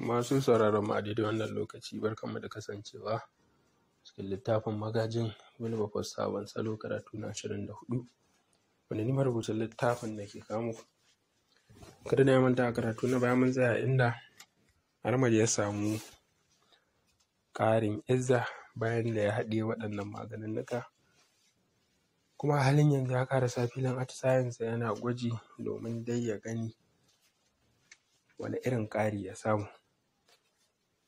Masu sauraron mu a daidai wannan lokaci kama da kasancewa cikin littafin magajin Wilberforce sabon salo karatu na ashirin da hudu wani ni marubucin littafin da ke kamo? kada na manta karatu na bayan mun tsaya inda Ahmad ya samu ƙarin izza bayan da ya haɗe waɗannan maganin nuka. kuma halin yanzu ya sa filin atisayensa yana gwaji domin dai ya gani wani irin ƙari ya samu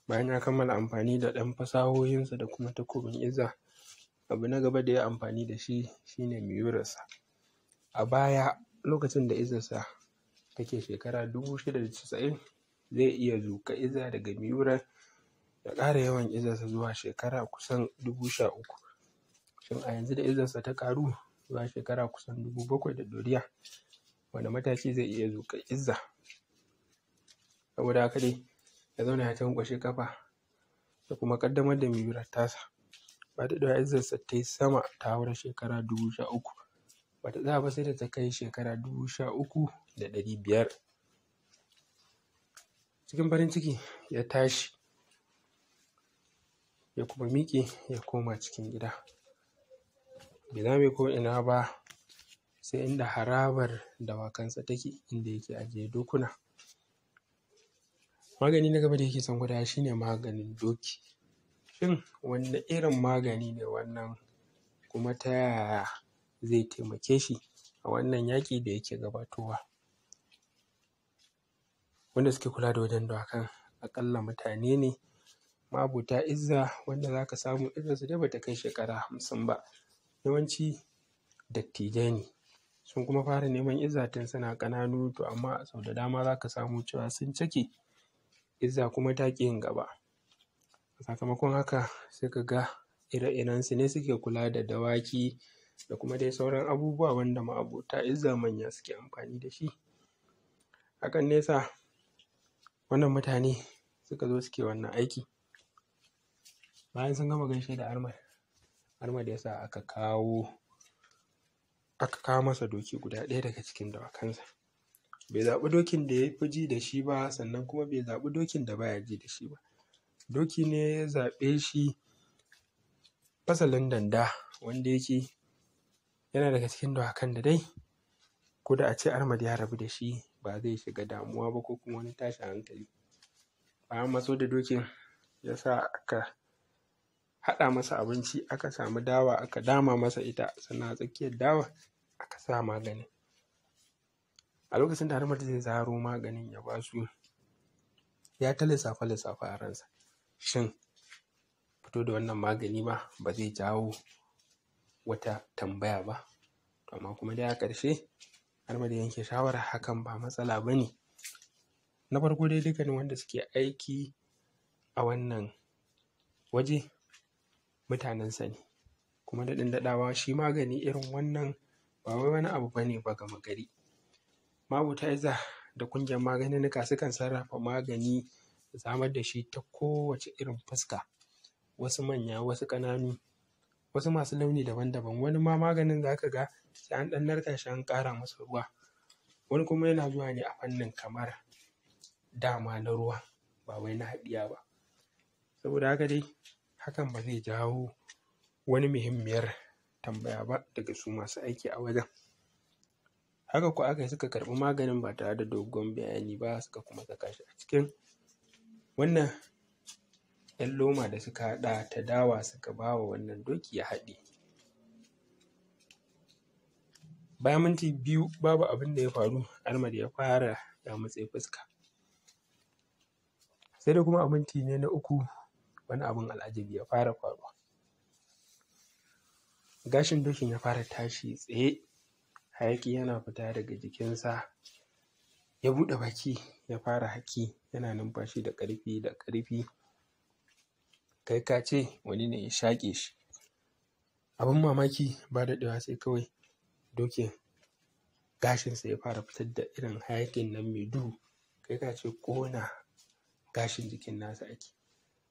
bayan ya kammala amfani da ɗan fasahohinsa da kuma takobin iza abu na gaba da ya amfani da shi shine miyurarsa a baya lokacin da izzarsa take shekara dubu shida da casa'in zai iya zuƙa iza daga miyurar ya ƙara yawan izarsa zuwa shekara kusan dubu sha uku shin a yanzu da izarsa ta ƙaru zuwa shekara kusan dubu bakwai da ɗoriya wani mataki zai iya zuƙa iza saboda haka dai ya zauna ya tankwashe ƙafa da kuma ƙaddamar da muryar tasa ba ɗaya, izzarsa ta yi sama ta haura shekara dubu sha uku ba ta tsaya ba sai da ta kai shekara dubu sha uku da ɗari biyar cikin farin ciki ya tashi ya kuma miƙe ya koma cikin gida bai zame ko ina ba sai inda harabar dawakansa take inda yake ajiye dokuna Magani na gaba da yake son gwadawa shi maganin doki. Shin wanne irin magani ne wannan kuma ta yaya zai taimake shi a wannan yaƙi da yake gabatowa? Wanda suke kula da wajen dawakan aƙalla mutane ne ma'abota izza wanda za ka samu irinsu dai ba ta kai shekara hamsin ba. Yawanci dattijai ne, sun kuma fara neman izza tun suna ƙananu to amma sau da dama za ka samu cewa sun cake. Izza kuma ta ƙi yin gaba. Sakamakon haka sai ka ga ire-irensu ne suke kula da dawaki da kuma dai sauran abubuwa wanda ma'abota Izza manya suke amfani da shi. Hakan ne sa wannan mutane suka zo suke wannan aiki. Bayan sun gama gaishe da armar, armar ya sa aka kawo aka kawo masa doki guda ɗaya daga cikin dawakansa. bai zaɓi dokin da ya fi ji da shi ba sannan kuma bai zaɓi dokin da baya ji da shi ba doki ne ya zaɓe shi fasalin danda wanda yake yana daga cikin dawakan da dai ko da a ce armad ya rabu da shi ba zai shiga damuwa ba ko kuma wani tashin hankali bayan matso da dokin ya sa aka haɗa masa abinci aka samu dawa aka dama masa ita sannan a tsakiyar dawa aka sa magani. a lokacin da Ahmad zai zaro maganin ya ba su ya ta lissafa lissafa a ransa shin fito da wannan magani ba ba zai jawo wata tambaya ba amma kuma dai a ƙarshe Ahmad yanke shawarar hakan ba matsala ba ne na farko dai dukkanin wanda suke aiki a wannan waje mutanensa ne kuma daɗin daɗawa shi magani irin wannan ba wai wani abu ba ne ba gama gari Mabutaiza da ƙungiyar maganinnika sukan sarrafa magani da samar da shi ta kowace irin fuska, wasu manya, wasu ƙananu, wasu masu launi daban-daban. Wani ma maganin za ka ga sai an ɗan narka shi an ƙara masa ruwa. Wani kuma yana zuwa ne a fannin kamar dama na ruwa ba wai na haɗiya ba. Saboda haka dai hakan ba zai jawo wani muhimmiyar tambaya ba daga su masu aiki a wajen. haka ko aka yi suka karɓi maganin ba tare da dogon bayani ba suka kuma saka shi a cikin wannan ‘yan loma da suka haɗa ta dawa suka ba wa wannan doki ya haɗe bayan minti biyu babu abin da ya faru almar ya fara matse fuska sai da kuma a minti ne na uku wani abin al'ajabi ya fara faruwa gashin dokin ya fara tashi tsaye hayaƙi yana fita daga jikinsa ya buɗe baki ya fara haki yana numfashi da ƙarfi da ƙarfi kai ka ce wani ne ya shaƙe shi abin mamaki ba daɗewa sai kawai dokin gashinsa ya fara fitar da irin hayaƙin nan mai duhu kai ka ce ƙona gashin jikin nasa ake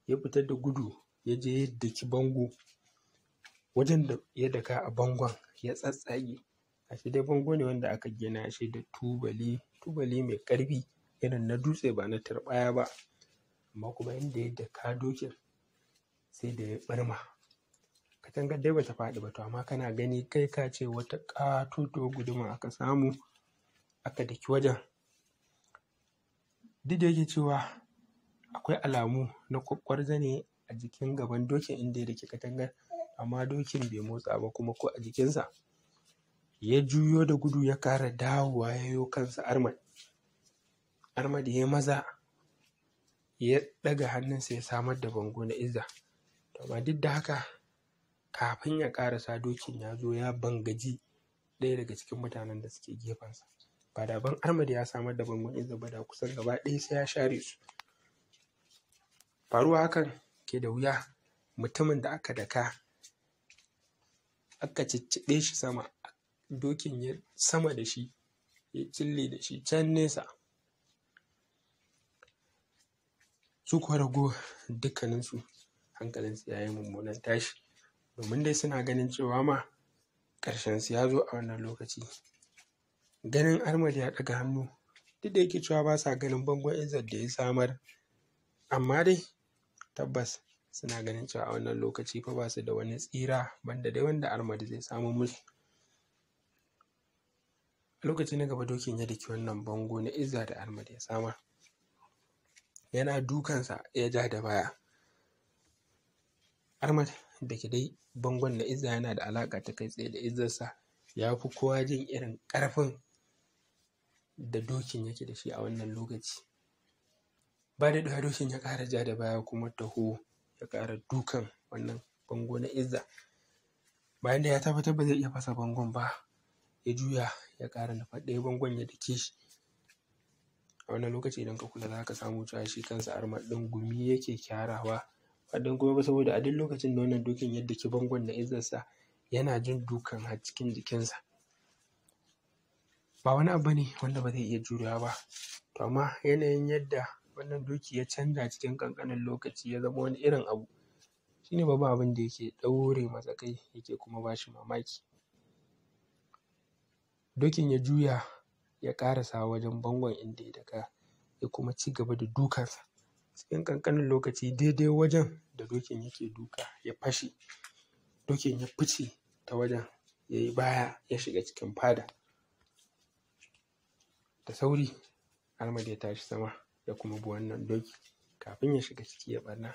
ya fitar da gudu ya je ya daki bango wajen da ya daka a bangon ya tsattsage Ashe dai bango ne wanda aka gina shi da tubali, tubali mai ƙarfi irin na dutse ba na turɓaya ba. Amma kuma inda ya daka dokin sai da ya ɓarma. Katangar dai bata faɗi ba to amma kana gani kai ka ce wata ƙatotuwar guduma aka samu aka daki wajen. Duk da yake cewa akwai alamu na ƙwaƙƙwarza ne a jikin gaban dokin inda ya daki katangar amma dokin bai motsa ba kuma ko a jikinsa. ya juyo da gudu ya ƙara dawowa ya yo kansa armad armad ya maza ya ɗaga hannunsa ya samar da bango na izza to amma duk da haka kafin ya sa dokin ya zo ya bangaji ɗaya daga cikin mutanen da suke gefensa ba da ban armad ya samar da bangon izza ba da kusan gaba ɗaya sai ya share su faruwa hakan ke da wuya mutumin da aka daka aka cicciɗe shi sama dokin ya sama da shi ya cille da shi can nesa su kuwa rago dukkaninsu hankalinsu ya yi mummunan tashi domin dai suna ganin cewa ma su ya zo a wannan lokaci ganin armad ya ɗaga hannu duk da yake cewa ba sa ganin bangon izzar da ya samar amma dai tabbas suna ganin cewa a wannan lokaci fa ba su da wani tsira banda dai wanda armad zai samu musu lokaci na gaba dokin ya daki wannan bango na izza da ahmad ya samar yana dukansa ya ja da baya ahmad da ke dai bangon na izza yana da alaƙa ta kai tsaye da izzarsa ya fi kowa jin irin ƙarfin da dokin yake da shi a wannan lokaci ba da ɗaya dokin ya ƙara ja da baya kuma taho ya ƙara dukan wannan bango na izza bayan da ya tabbatar ba zai iya fasa bangon ba ya juya ya ƙara nufa ɗaya bangon ya dake shi a wannan lokaci idan ka kula za ka samu cewa shi kansa armar ɗin gumi yake kyarawa ba don kuma ba saboda a duk lokacin da wannan dukin ya daki bangon da izarsa yana jin dukan har cikin jikinsa ba wani abu ne wanda ba zai iya jurewa ba to amma yanayin yadda wannan doki ya canza cikin ƙanƙanin lokaci ya zama wani irin abu shine babban abin da yake ɗaure masa kai yake kuma bashi mamaki Dokin ya juya ya ƙarasa wajen bangon inda ya daga ya kuma ci gaba da dukansa. Cikin ƙanƙanin lokaci daidai wajen da dokin yake duka ya fashe. Dokin ya fice ta wajen ya yi baya ya shiga cikin fada. Da sauri Ahmad ya tashi sama ya kuma bi wannan doki kafin ya shiga ciki ya barna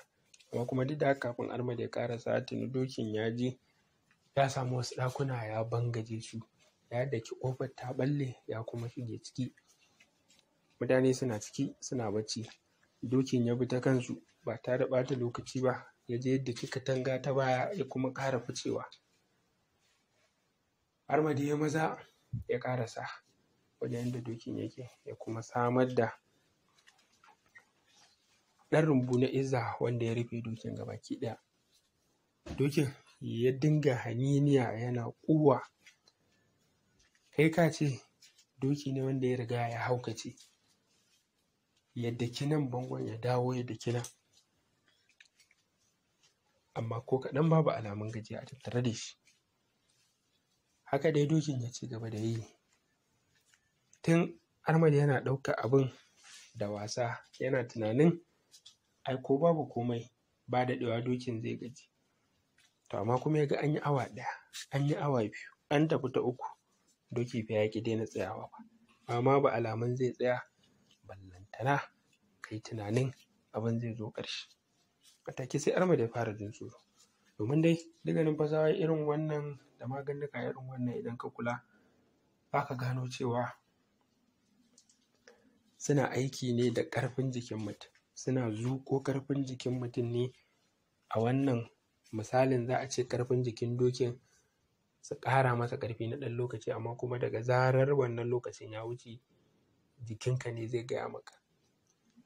Amma kuma duk da haka kafin Ahmad ya ƙarasa tuni dokin ya je ya samu wasu ɗakuna ya bangaje su ya daki ƙofar ta ɓalle ya kuma shige ciki mutane suna ciki suna bacci dokin ya bi ta kansu ba tare ɓata lokaci ba ya je yadda katanga ta baya ya kuma ƙara ficewa armadi ya maza ya ƙarasa wajen yadda dokin yake ya kuma samar da ɗan rumbu na iza wanda ya rufe dokin gabaki ɗaya dokin ya dinga haniniya yana ƙuwa kai ka ce doki ne wanda ya riga ya haukace ya daki nan bangon ya dawo ya daki amma ko kaɗan babu alamun gajiya a tattare da shi haka dai dokin ya ci gaba da yi tun armad yana ɗauka abin da wasa yana tunanin ai ko babu komai ba da ɗewa dokin zai gaji to amma kuma ya ga an yi awa ɗaya an yi awa biyu an tafi ta uku doki fa ya ƙi daina tsayawa ba amma ba alamun zai tsaya ballantana kai tunanin abin zai zo ƙarshe a take sai arma da ya fara jin tsoro domin dai daga numfasawa irin wannan da maganuka irin wannan idan ka kula za ka gano cewa suna aiki ne da ƙarfin jikin mutum suna zuƙo ƙarfin jikin mutum ne a wannan misalin za a ce ƙarfin jikin dokin su ƙara masa ƙarfi na ɗan lokaci amma kuma daga zarar wannan lokacin ya wuce jikinka ne zai gaya maka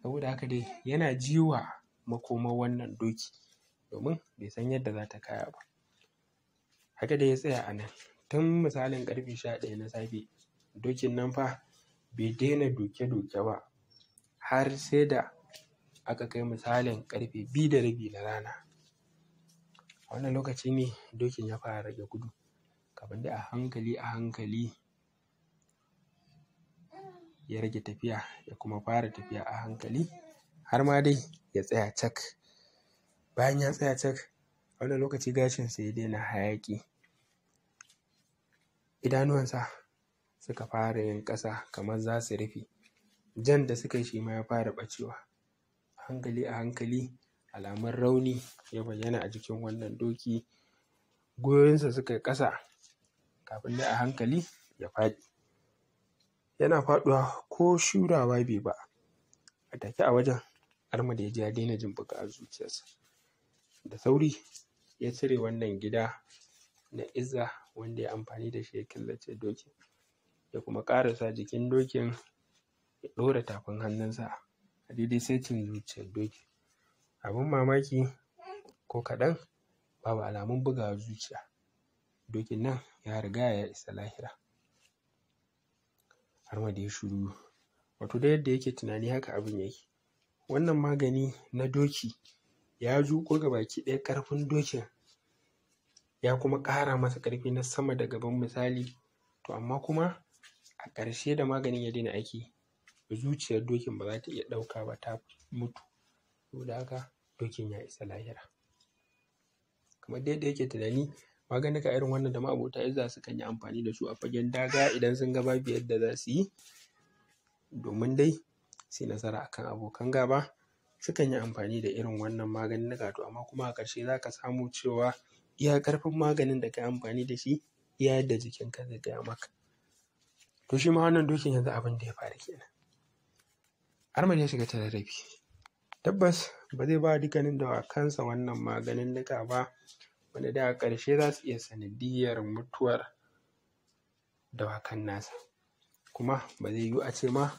saboda haka dai yana jiwa makoma wannan doki domin bai san yadda za ta kaya ba haka dai ya tsaya a nan tun misalin ƙarfe sha ɗaya na safe dokin nan fa bai daina doke-doke ba har sai da aka kai misalin ƙarfe biyu da rabi na rana a wannan lokaci ne dokin ya fara rage gudu ka bi a hankali a hankali ya rage tafiya ya kuma fara tafiya a hankali har ma dai ya tsaya cak bayan ya tsaya cak wannan wani lokaci sa ya daina hayaƙi idanuwansa suka fara yin ƙasa kamar za su rufe jan da suka yi shi ma ya fara ɓacewa a hankali a hankali alamun rauni ya bayyana a jikin wannan doki gwiwowinsa suka yi ƙasa kafin dai a hankali ya faɗi. Yana faɗuwa ko shurawa bai ba, a take a wajen da ya ji ya daina jin buga a zuciyarsa. Da sauri ya cire wannan gida na Izza wanda ya amfani da shi ya killace doki, ya kuma ƙarasa jikin dokin ya ɗora tafin hannunsa a daidai saitin zuciyar doki. Abin mamaki ko kaɗan babu alamun bugawar zuciya. dokin nan ya riga ya isa lahira da ya shiru wato da yadda yake tunani haka abin yake wannan magani na doki ya zuƙo baki ɗaya ƙarfin dokin ya kuma ƙara masa ƙarfi na sama da gaban misali to amma kuma a ƙarshe da maganin ya daina aiki zuciyar dokin ba za ta iya ɗauka ba ta mutu saboda haka dokin ya isa lahira kamar yadda yake tunani ka maganika irin wannan da ma'abota izza sukan yi amfani da su a fagen daga idan sun ga babu yadda za su yi domin dai su nasara akan abokan gaba sukan yi amfani da irin wannan maganinnika to amma kuma a ƙarshe za ka samu cewa iya ƙarfin maganin da ka yi amfani da shi iya yadda jikinka zai gaya maka to shi ma wannan dokin yanzu abin da ya faru kenan Ahmad ya shiga tararrafi tabbas ba zai ba dukkanin kansa wannan maganin nuka ba wanda daga ƙarshe za su iya sanadiyyar mutuwar dawakan nasa kuma ba zai yiwu a ce ma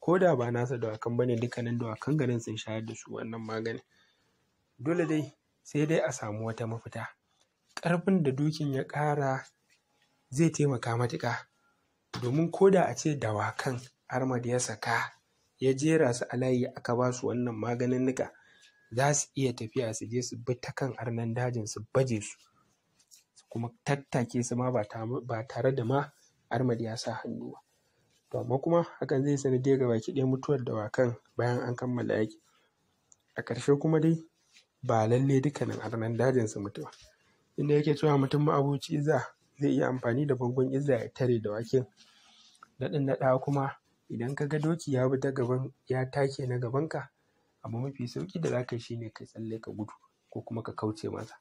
ko da ba nasa dawakan ba ne dukkanin dawakan garin sun shayar da su wannan maganin dole dai sai dai a samu wata mafita ƙarfin da dukin ya ƙara zai taimaka matuƙa domin ko da a ce dawakan Ahmad ya saka ya jera su a layi aka ba su wannan maganin maganinnika za su iya tafiya su je su bi ta kan arnan dajin su baje su kuma tattake su ma ba tare da ma armadi ya sa hannu ba to amma kuma hakan zai dai ga baki ɗaya mutuwar dawakan bayan an kammala yaki a ƙarshe kuma dai ba lalle dukkanin arnan dajin su mutu ba inda yake cewa mutum ma'abuci za zai iya amfani da bangon izza ya tare da dawakin daɗin ɗawa, kuma idan ka ga doki ya bi ta gaban ya take na gabanka abu mafi sauƙi da za ka yi shine ka tsalle ka gudu ko kuma ka kauce masa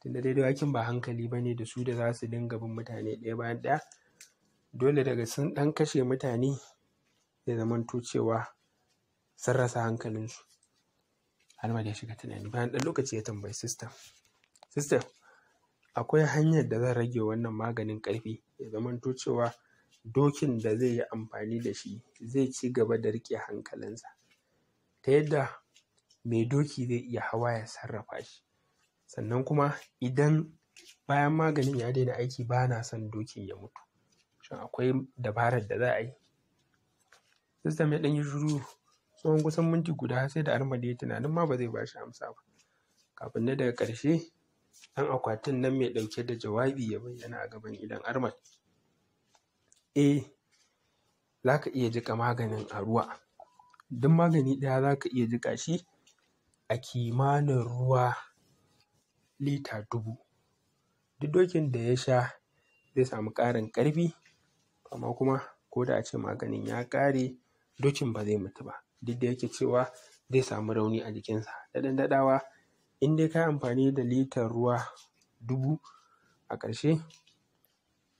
tunda dai dawakin ba hankali ba ne da su da za su dinga bin mutane ɗaya bayan ɗaya dole daga sun ɗan kashe mutane ya zamanto cewa sun rasa hankalinsu har ma dai shiga tunani bayan ɗan lokaci ya tambayi sista sista akwai hanyar da zan rage wannan maganin ƙarfi ya zamanto cewa dokin da zai yi amfani da shi zai ci gaba da riƙe hankalinsa ta yadda mai doki zai iya hawa ya sarrafa shi sannan kuma idan bayan maganin ya daina aiki ba na son dokin ya mutu shin akwai dabarar da za a yi sistem ya ɗan yi shiru tsawon kusan minti guda sai da armadi ya tunanin ma ba zai ba shi amsa ba kafin na daga ƙarshe ɗan akwatin nan mai ɗauke da jawabi ya bayyana a gaban idan armad eh za ka iya jiƙa maganin a ruwa duk magani ɗaya za ka iya jiƙa shi a kimanin ruwa lita dubu. Duk dokin da ya sha zai samu ƙarin ƙarfi amma kuma ko da a ce maganin ya ƙare dokin ba zai mutu ba duk da yake cewa zai samu rauni a jikinsa. Daɗin daɗawa in dai ka yi amfani da litar ruwa dubu a ƙarshe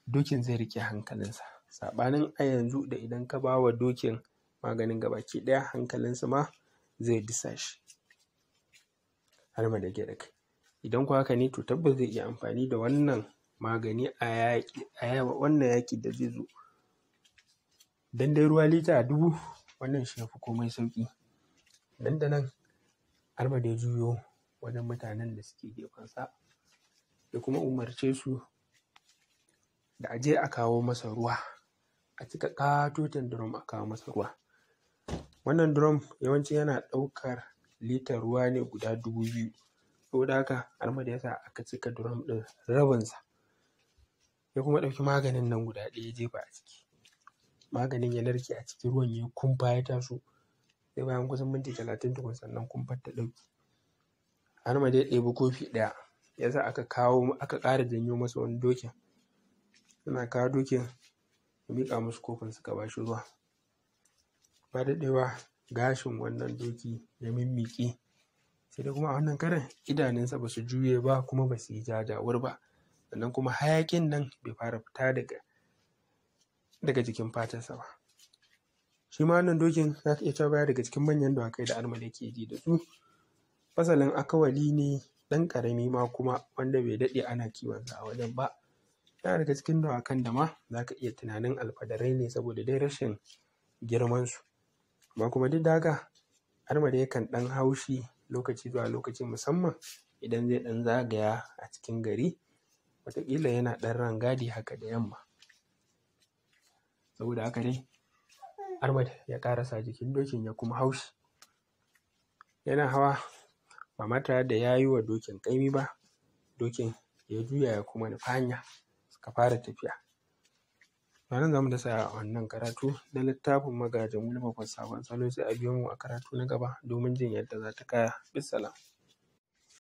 dokin zai riƙe hankalinsa. Saɓanin a yanzu da idan ka ba wa dokin maganin gabaki ɗaya hankalinsu ma zai disa shi har ma da kai idan ku haka ne to tabbas zai iya amfani da wannan magani a yaƙi a wannan yaƙi da zai zo dan dai ruwa lita dubu wannan shi yafi komai sauƙi nan da nan har ma da juyo wajen mutanen da suke gefensa ya kuma umarce su da a je a kawo masa ruwa a cika ƙatoton drum a kawo masa ruwa Wannan drum yawanci yana ɗaukar litar ruwa ne guda dubu biyu. Saboda haka Ahmad ya sa aka cika drum ɗin rabinsa. Ya kuma ɗauki maganin nan guda ɗaya ya jefa a ciki. Maganin ya narke a cikin ruwan ya kumfa ya taso. Sai bayan kusan minti talatin tukun sannan kumfar ta ɗauke. Ahmad ya ɗebi kofi ɗaya ya sa aka kawo aka ƙara janyo masa wani dokin. Yana kawo dokin ya miƙa musu kofin suka ba shi ruwa. ba daɗewa gashin wannan doki ya mimmiƙe sai dai kuma a wannan karan idanunsa ba su juye ba kuma ba su yi jajawar ba sannan kuma hayaƙin nan bai fara fita daga daga jikin fatarsa ba shi ma wannan dokin za ka iya cewa baya daga cikin manyan dawakai da almada ke ji da su fasalin akawali ne ɗan ƙarami ma kuma wanda bai daɗe ana kiwonsa a wajen ba yana daga cikin dawakan da ma za ka iya tunanin alfadarai ne saboda dai rashin girmansu Ba kuma duk da haka Harmada yakan ɗan haushi lokaci zuwa lokaci musamman idan zai ɗan zagaya a cikin gari wataƙila yana ɗan rangadi haka da yamma. Saboda haka dai Ahmad ya ƙarasa jikin dokin ya kuma haushi. Yana hawa ba mata da ya yi wa dokin ƙaimi ba, dokin ya juya ya kuma nufa hanya suka fara tafiya. To za zamu dasa a wannan karatu na littafin Magajin Wilberforce Sabon Salo sai a biyo mu a karatu na gaba domin jin yadda za ta kaya. Bissalam.